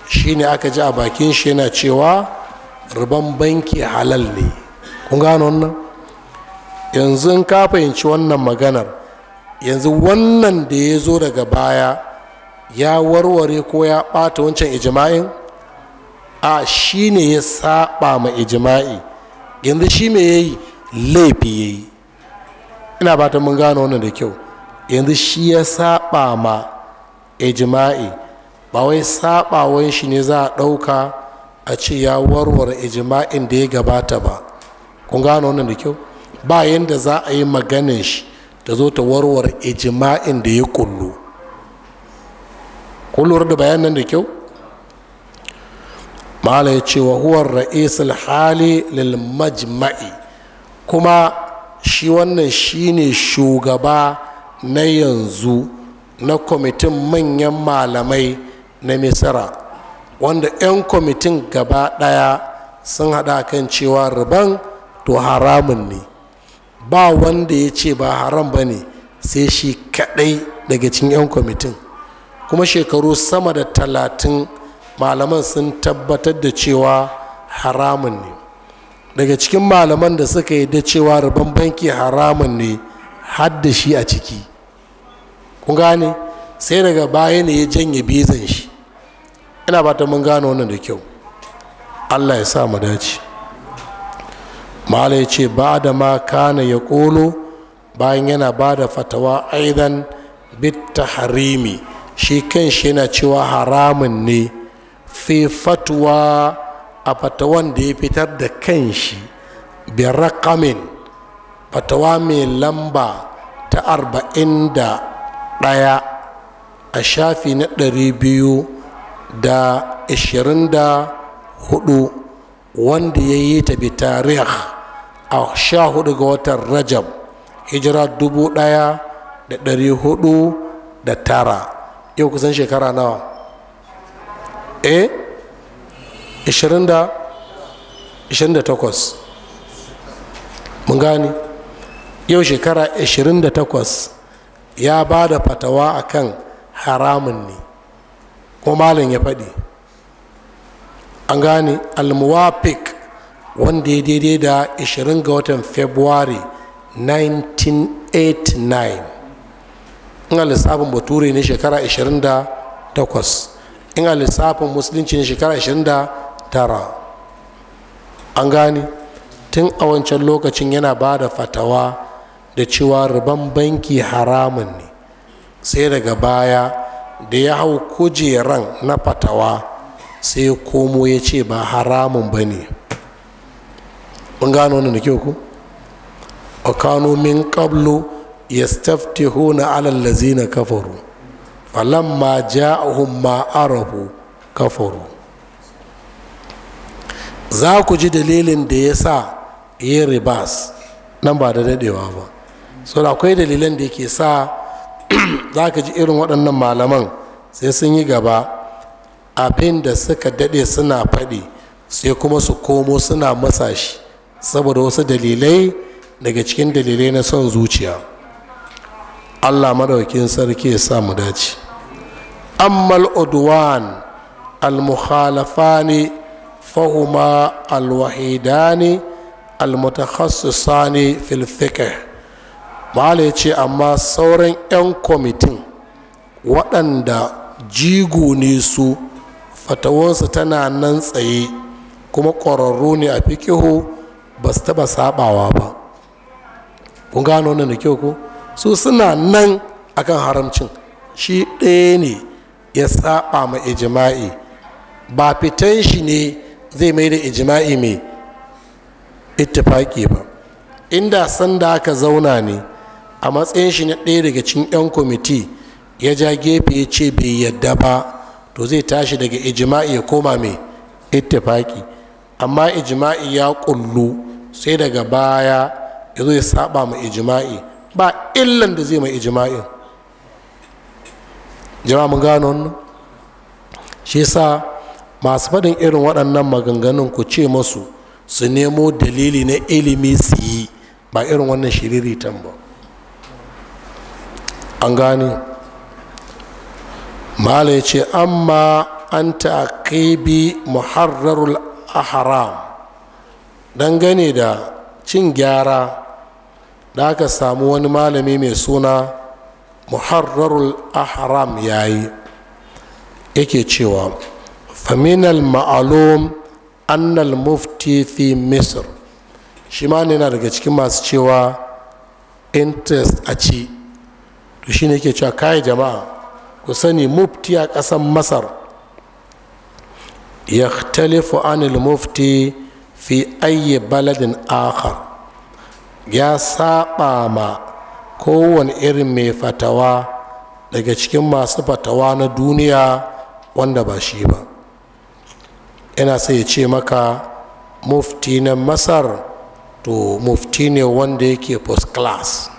shine aka ji a bakin shi yana cewa riban banki halal ne kun gano wannan yanzu in ka fahimci wannan maganar yanzu wannan da ya zo daga baya ya warware ko ya ɓata wancan ijima'in a shi ne ya saba ma ijima'i yanzu shi me yayi laifi ya ina ba ta mun gano wannan da kyau yanzu shi ya saba ma ijma'i ba wai sabawan shi ne za a ɗauka a ce ya warware ijma'in da ya gabata ba kun gano wannan da kyau ba yadda za a yi maganin shi ta zo ta warware ijma'in da ya kullu kun da bayan nan da kyau mala ya ce wa huwar ra'isul hali lil majma'i kuma shi wannan shi ne shugaba na yanzu na kwamitin manyan malamai na misira wanda 'yan kwamitin gaba ɗaya sun haɗa kan cewa riban to haramun ne ba wanda ya ce ba haram ba ne sai shi kaɗai daga cikin 'yan kwamitin kuma shekaru sama da talatin malaman sun tabbatar da cewa haramun ne daga cikin malaman da suka yi da cewa rabon banki haramun ne hadda shi a ciki kun gane sai daga baya ne ya janye bizan shi ina ba ta mun gano wannan da kyau allah ya sa mu dace mala ya ce ba da ma kana ya kolo bayan yana ba da fatawa aidan bitta harimi shi kan shi yana cewa haramun ne fi fatuwa a fatawan da ya fitar da kanshi birakamin fatawa mai lamba ta arba'in da ɗaya a shafi na ɗari da ashirin da wanda ya yi ta bi tarih a sha hudu ga watan rajab hijira dubu ɗaya da ɗari hudu da tara yau kusan shekara nawa eh 28 mun gani yau shekara 28 ya ba da fatawa akan haramun ne ko malin ya faɗi an gane almuwafik wanda ya daidai da 20 ga watan february 1989 ina lissafin bature ne shekara 28 ina lissafin musulunci ne shekara tara an gane tun a wancan lokacin yana ba da fatawa da cewa ruban banki haramun ne sai daga baya da ya hau kujeran na fatawa sai ya komo ya ce ba haramun ba ne mun gano wannan da kyau ku a kano min qablu yastaftihuna alallazi na kafaru falamma ja'ahum ma kafaru za ku ji dalilin da ya sa ya ribas nan ba da daɗewa ba so da akwai dalilan da yake sa za ka ji irin waɗannan malaman sai sun yi gaba abin da suka daɗe suna faɗi sai kuma su komo suna masa shi saboda wasu dalilai daga cikin dalilai na son zuciya allah maɗaukin sarki ya sa mu dace ammal udwan al-mukhalafani Fahuma alwahidani الوحيدان المتخصصان في الفقه malai ce amma sauran 'yan kwamitin waɗanda jigo ne su fatawarsu tana nan tsaye kuma ƙwararru ne a fikihu ba su taɓa saɓawa ba kun gano wannan da kyau ko su suna nan akan haramcin shi ɗaya ne ya saɓa ma ijima'i ba fitan shi ne zai mai da ijima'i mai ittifaki ba inda sanda aka zauna ne a matsayin shi na ɗaya daga cikin 'yan kwamiti ya ja gefe ya ce bai yadda ba to zai tashi daga ijima'i ya koma mai ittifaki amma ijima'i ya kullu sai daga baya ya zo ya saba ma ijima'i ba illan da zai mai ijima'i jama'a mun gano wannan shi sa masu faɗin irin waɗannan maganganun ku ce masu su nemo dalili na ilimi su yi ba irin wannan shiriritan ba an gane mala ya ce amma an taƙibi muharrarul haram dangane da cin gyara da aka samu wani malami mai suna muharrarul haram yayi yake cewa فمن المعلوم أن المفتي في مصر شما نينا daga cikin masu cewa interest a ci to shine ke cewa kai jama'a ku sani mufti a ƙasar masar yakhtalifu anil mufti fi ayyi baladin akhar ya saba ma kowane irin mai fatawa daga cikin masu fatawa na duniya wanda ba shi ba yana sai ya ce maka mufti na masar to mufti ne wanda yake first class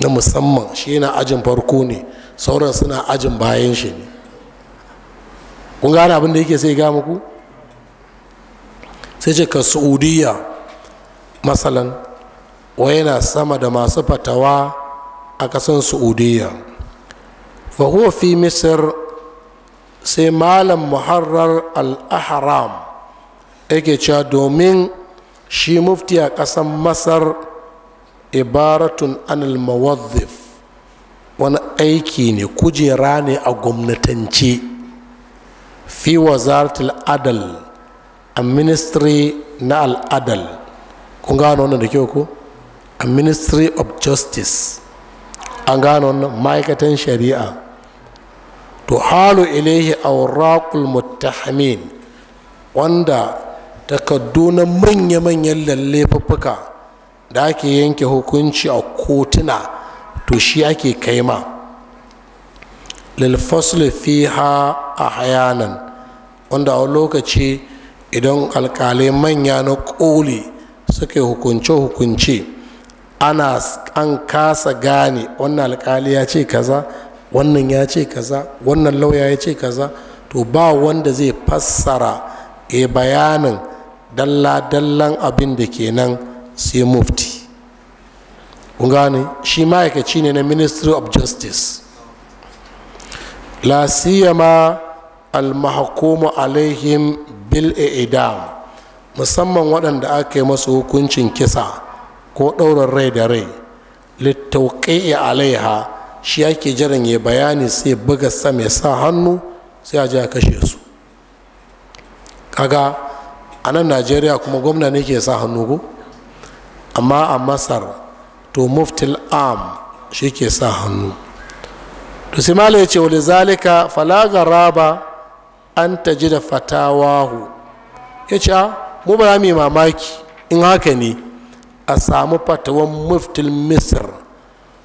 na musamman shi yana ajin farko ne sauran suna ajin bayan shi ne kun gane abin da yake sai ga muku sai ce ka saudiya masalan wa yana sama da masu fatawa a kasan saudiya fa huwa fi misir sai malam muharrar al-ahram yake cewa domin shi mufti a ƙasan masar ibaratun anil mawazzif wani aiki ne kujera ne a gwamnatance fi wazaratul adal a ministry na al'adal kun gano wannan da kyau ko a ministry of justice an gano wannan ma'aikatan shari'a tuhalu ilaihi awraqul muttahamin wanda takaddu na manya-manyan fuffuka da ake yanke hukunci a kotuna to shi ake kaima lilfasul fiha a hayanan wanda a lokaci idan alkalai manya na koli suka hukunce-hukunce ana an kasa gane wannan alkali ya ce kaza wannan ya ce kaza wannan lauya ya ce kaza to ba wanda zai fassara e bayanin dalla-dallan abin da ke nan sai mufti kun gane shi ma'aikaci ne na ministry of justice la siyama al-mahkumu alaihim bil idam musamman waɗanda aka yi masu hukuncin kisa ko ɗaurin rai da rai littauƙi alaiha shi yake jiran ya bayani sai buga sama ya sa hannu sai a ji a kashe su kaga a nan najeriya kuma gwamna ne ke sa hannu ko amma a masar to muftil am shi ke sa hannu to sai malai ce wani zalika falaga raba an ta ji da fatawahu ya ce ah, mu ba mai mamaki in haka ne a samu fatawan muftil misir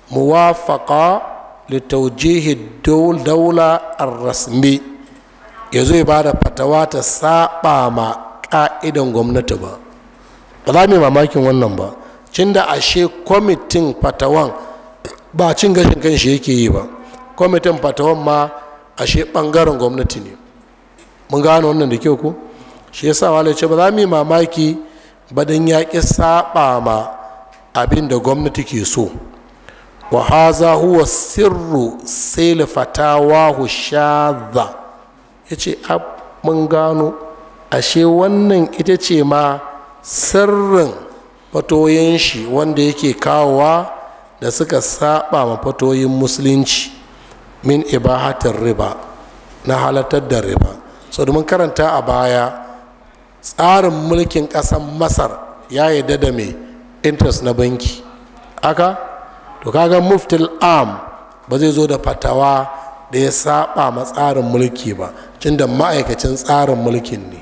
muwafaka litaujihi daula ar-rasmi ya zo ya bada fatawa ta saba ma ka'idan gwamnati ba ba za mu mamakin wannan ba cin da ashe kwamitin fatawan ba cin gashin kan shi yake yi ba kwamitin fatawan ma ashe bangaren gwamnati ne mun gano wannan da kyau ko shi yasa wale ce ba za mu yi mamaki badan yaƙi saɓa ma abinda gwamnati ke so wa haza huwa sirru sai fatawahu shadha ya ce mun gano ashe wannan ita ce ma sirrin fatoyin shi wanda yake kawowa da suka saba ma fatoyin musulunci min ibahatar riba na halatar da riba so domin karanta a baya tsarin mulkin ƙasar masar ya yi dada mai interest na banki aka to kaga muftil am ba zai zo da fatawa da ya saba ma tsarin mulki ba cin da ma'aikacin tsarin mulkin ne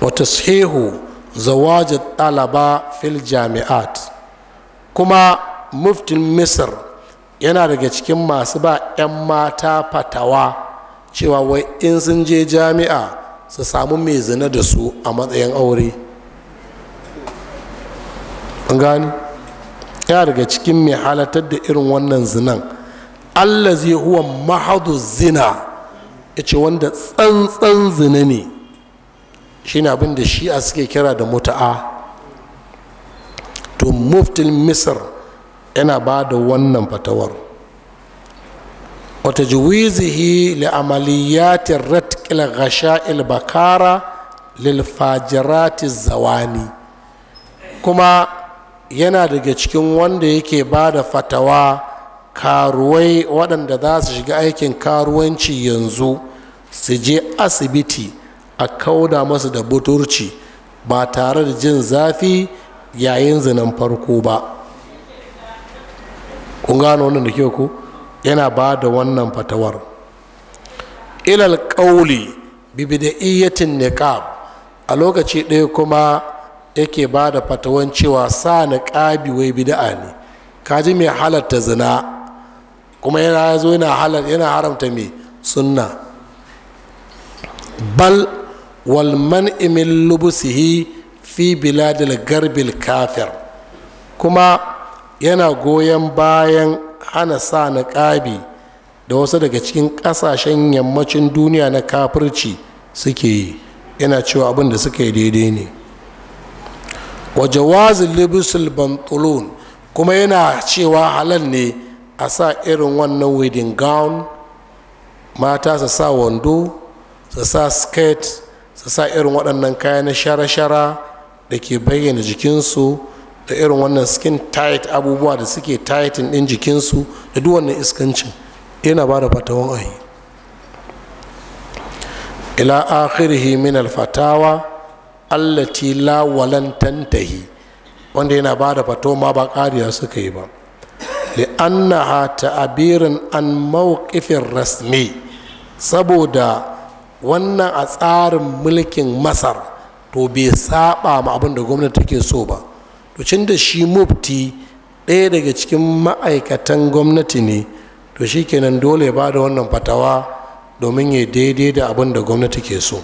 wata Shehu, zawajin ɗalaba fil jami'at kuma muftin misir yana daga cikin masu ba 'yan mata fatawa cewa wai in sun je jami'a su samu mai zina da su a matsayin aure gani ya daga cikin mai halatar da irin wannan zinan allah zai huwa mahadu zina ya ce wanda tsantsan zina ne shi ne abin da shi'a suke kira da muta'a to muftin misir yana ba da wannan fatawar wata juwizihi li amaliyatin ratkil ghasha'il bakara lil zawani kuma yana daga cikin wanda yake ba da fatawa karuwai waɗanda za su shiga aikin karuwanci yanzu su je asibiti a kauda masu da buturci ba tare da jin zafi yayin zinan farko ba kun gano wannan da ke ku yana ba da wannan fatawar ilal ƙauli bibida'iyyatin niqab a lokaci ɗaya kuma yake ba da fatawan cewa sa na ƙabi wai bida'a ne kaji mai halatta zina kuma yana zo yana haramta mai sunna bal wal imin lubusihi fi biladil garbil kafir kuma yana goyon bayan hana sa na ƙabi da wasu daga cikin ƙasashen yammacin duniya na kafirci suke yi yana cewa abin da suka yi daidai ne wa jawazin libisul bantulun kuma yana cewa halal ne a sa irin wannan wedding gown mata su sa wando su sa skirt su sa irin waɗannan kaya na shara-shara da ke bayyana jikinsu da irin wannan skin tight abubuwa da suke tightin ɗin jikinsu da duk wannan iskancin yana ba da fatawan ahi ila akhirihi min alfatawa fatawa allati la tantahi wanda yana ba da fato ma ba ƙariya suka yi ba li'annaha ta'abirin an mawqifin rasmi saboda wannan a tsarin mulkin masar to bai saba ma abin da gwamnati take so ba to cin da shi mufti ɗaya daga cikin ma'aikatan gwamnati ne to shi kenan dole ya ba da wannan fatawa domin ya daidai da abin da gwamnati ke so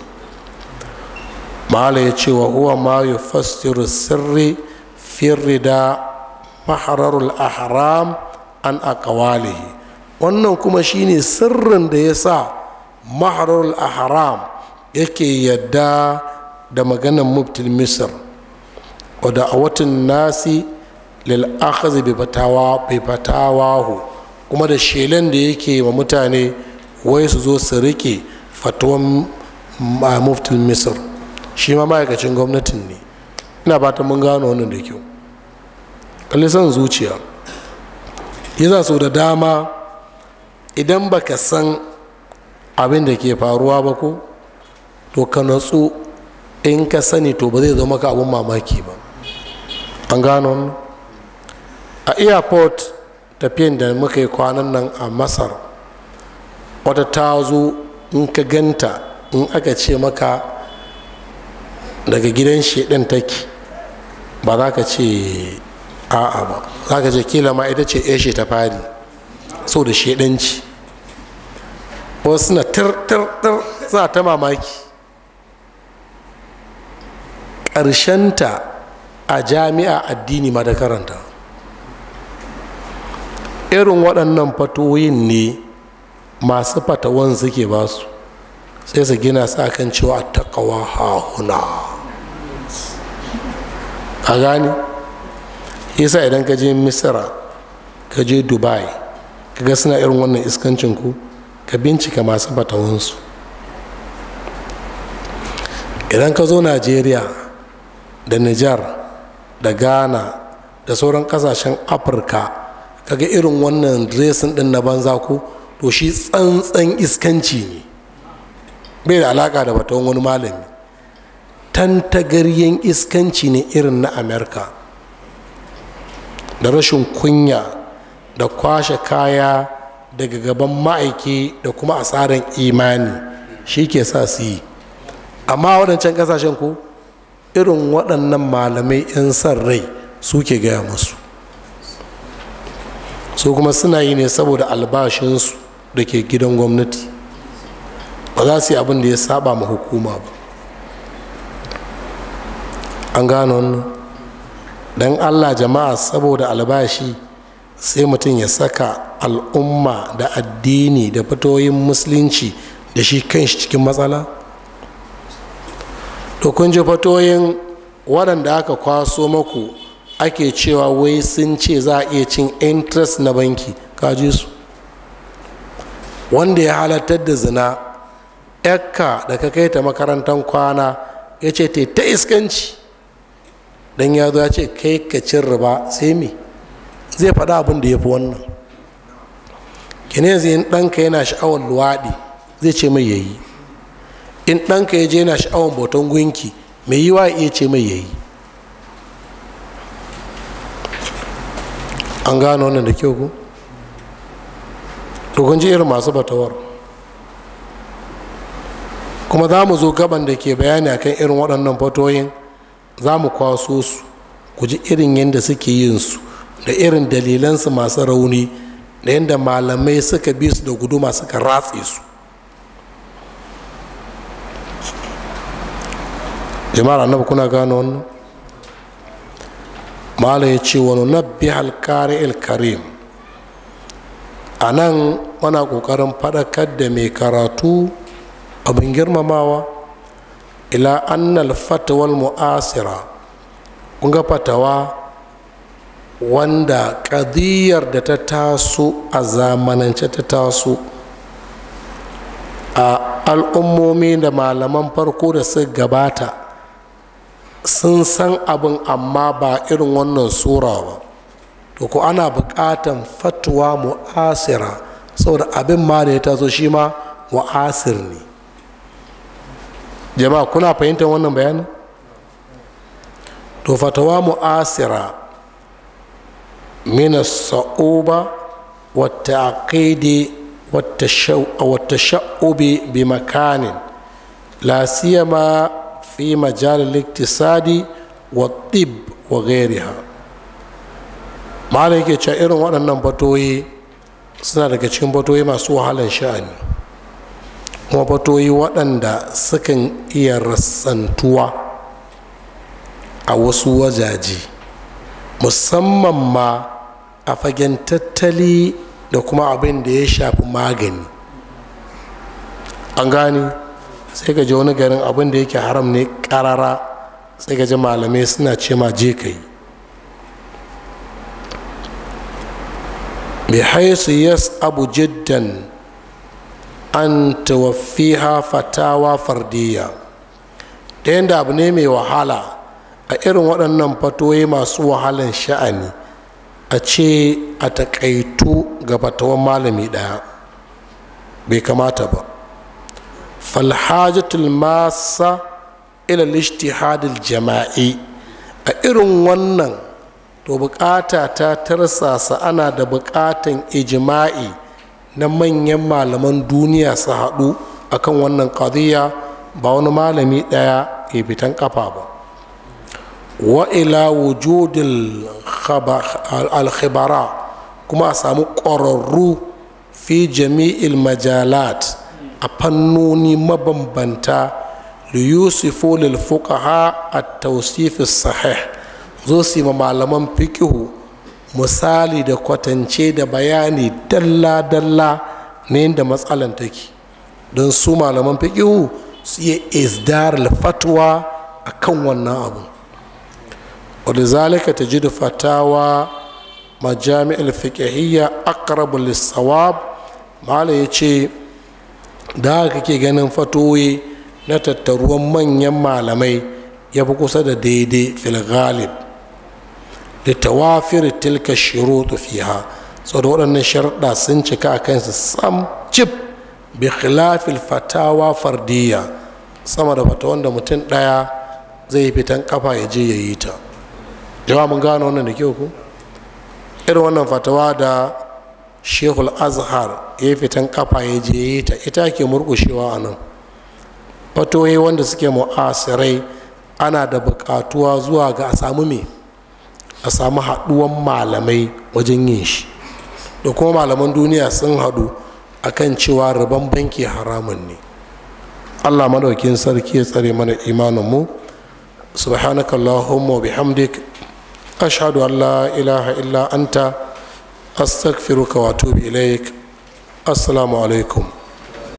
mala ya ce wa huwa ma yufassiru sirri firrida mahararul ahram an akawalihi wannan kuma shine sirrin da ya sa mahararul ahram yake yadda da maganan muftin misir wa a watan nasi lil bai fatawahu kuma da shelen da yake wa mutane wai su zo su rike fatuwan ah, muftin misir shi ma ma'aikacin gwamnatin ne ina fatan mun gano wannan da kyau kalli san zuciya yana so da dama idan baka san abin da ke faruwa ba ko to ka natsu in ka sani to ba zai zama ka abin mamaki ba an gano wannan a airport tafiyan da muka yi kwanan nan a masar wata ta zo in ka ganta in aka ce maka daga gidan shedan take ba za ka ce a'a ba za ka ce kila ma ita ce yashe ta fari so da shedanci wasu na tir-tir-tir za ta mamaki ƙarshenta a jami'a addini ma da karanta irin waɗannan fatoyin ne masu fatawan suke basu sai su gina su akan cewa taqwa hahuna a gani yasa idan ka je misira ka je dubai ka ga suna irin wannan iskancin ku ka bincika masu batawansu idan ka zo najeriya da nijar da ghana da sauran kasashen afirka ka ga irin wannan dresin din na banza ko to shi tsantsan iskanci ne bai da alaka da batun wani malami tantagaryen iskanci ne irin na amerika da rashin kunya da kwashe kaya daga gaban ma'aiki da kuma a tsarin imani shi ke sa su yi amma waɗancan ƙasashen ku irin waɗannan malamai 'yan san rai su ke gaya musu su kuma suna yi ne saboda albashinsu da ke gidan gwamnati ba za su yi abin da ya saba ma hukuma ba an gano wannan don allah jama'a saboda albashi sai mutum ya saka al'umma da addini da fitoyin musulunci da shi kanshi cikin matsala to kun ji fatoyin waɗanda aka kwaso maku ake cewa wai sun ce za a iya cin interest na banki kaji su wanda ya halartar da zina yakka da ka kai ta makarantar kwana ya ce te ta iskanci don ya zo ya ce kai ka cin riba sai me zai faɗa abin da ya fi wannan kine yanzu in ɗanka yana sha'awar luwaɗi zai ce mai yayi in ɗanka ya je yana sha'awar boton gunki mai yi wa iya ce mai yayi an gano wannan da kyau ku to kun ji irin masu batawar kuma za mu zo gaban da ke bayani akan irin waɗannan fatoyin za mu kwaso su ku ji irin yadda suke yin su da irin dalilansu masu rauni da yadda malamai suka bi su da guduma suka ratse su jama'ar annabi kuna gano wannan mala ya ce wani nabbi halkari karim a nan wana ƙoƙarin faɗakar da mai karatu abin girmamawa ila annal fatawal mu'asira kun fatawa wanda ƙadiyar da ta taso a zamanance ta taso a al'ummomi da malaman farko da su gabata sun san abin amma ba irin wannan sura ba to ko ana buƙatan fatuwa mu'asira saboda abin ma da ya taso shi ma mu'asir ne jama'a kuna fahimtar wannan bayanin to fatawa mu'asira min as-sa'uba wa taqidi wa tasha'ubi bi makanin la siyama fi majal al-iktisadi wa tib wa ghayriha malai yake irin waɗannan fatoyi suna daga cikin fatoyi masu wahalan sha'ani kuma fatoyi waɗanda sukan iya rasantuwa a wasu wajaji musamman ma a fagen tattali da kuma abin da ya shafi magani an gani sai ka wani garin abin da yake haram ne karara sai ka malamai suna ce ma je ka yi haisu yas abu jiddan an tawaffiha fatawa fardiyya ɗaya da abu ne mai wahala a irin waɗannan fatoyi masu wahalan sha'ani a ce a taƙaitu ga fatawan malami ɗaya bai kamata ba falhajatul masa ila lishtihadil jama'i a irin wannan to bukata ta tarsasa ana da bukatan ijima'i na manyan malaman duniya su haɗu akan wannan ƙadiyya ba wani malami ɗaya ya fitan ƙafa ba wa'ila wujudin alkhibara kuma a samu ƙwararru fi jami'il majalat a fannoni mabambanta liyusufo lil fuqaha at-tawsif sahih zo su ma malaman fikihu misali da kwatance da bayani dalla-dalla na yadda matsalan take don su malaman fiƙihu su yi isdar fatwa a kan wannan abu wadda zalika ta ji da fatawa majami'ar fiƙihiyya akarabu lissawab mala ya ce da kake ganin fatoyi na tattaruwan manyan malamai ya fi kusa da daidai filgalib da tawafir tilka shirutu fiha saboda waɗannan sharɗa sun cika a kansu sam cip bi khilafil fatawa fardiyya sama da fata wanda mutum ɗaya zai fitan kafa ya je ya yi ta jawa mun gano wannan da kyau ku irin wannan fatawa da shehul azhar ya yi fitan kafa ya je ya yi ta ita ke murkushewa a nan fatoyi wanda suke mu'asirai ana da buƙatuwa zuwa ga a samu me a samu haɗuwan malamai wajen yin shi da kuma malaman duniya sun haɗu akan cewa rabon banki haramun ne allah maɗaukin sarki ya tsare mana imanin mu subhanaka allahumma bihamdik ashhadu an la ilaha illa anta astaghfiruka wa atubu ilaik assalamu alaikum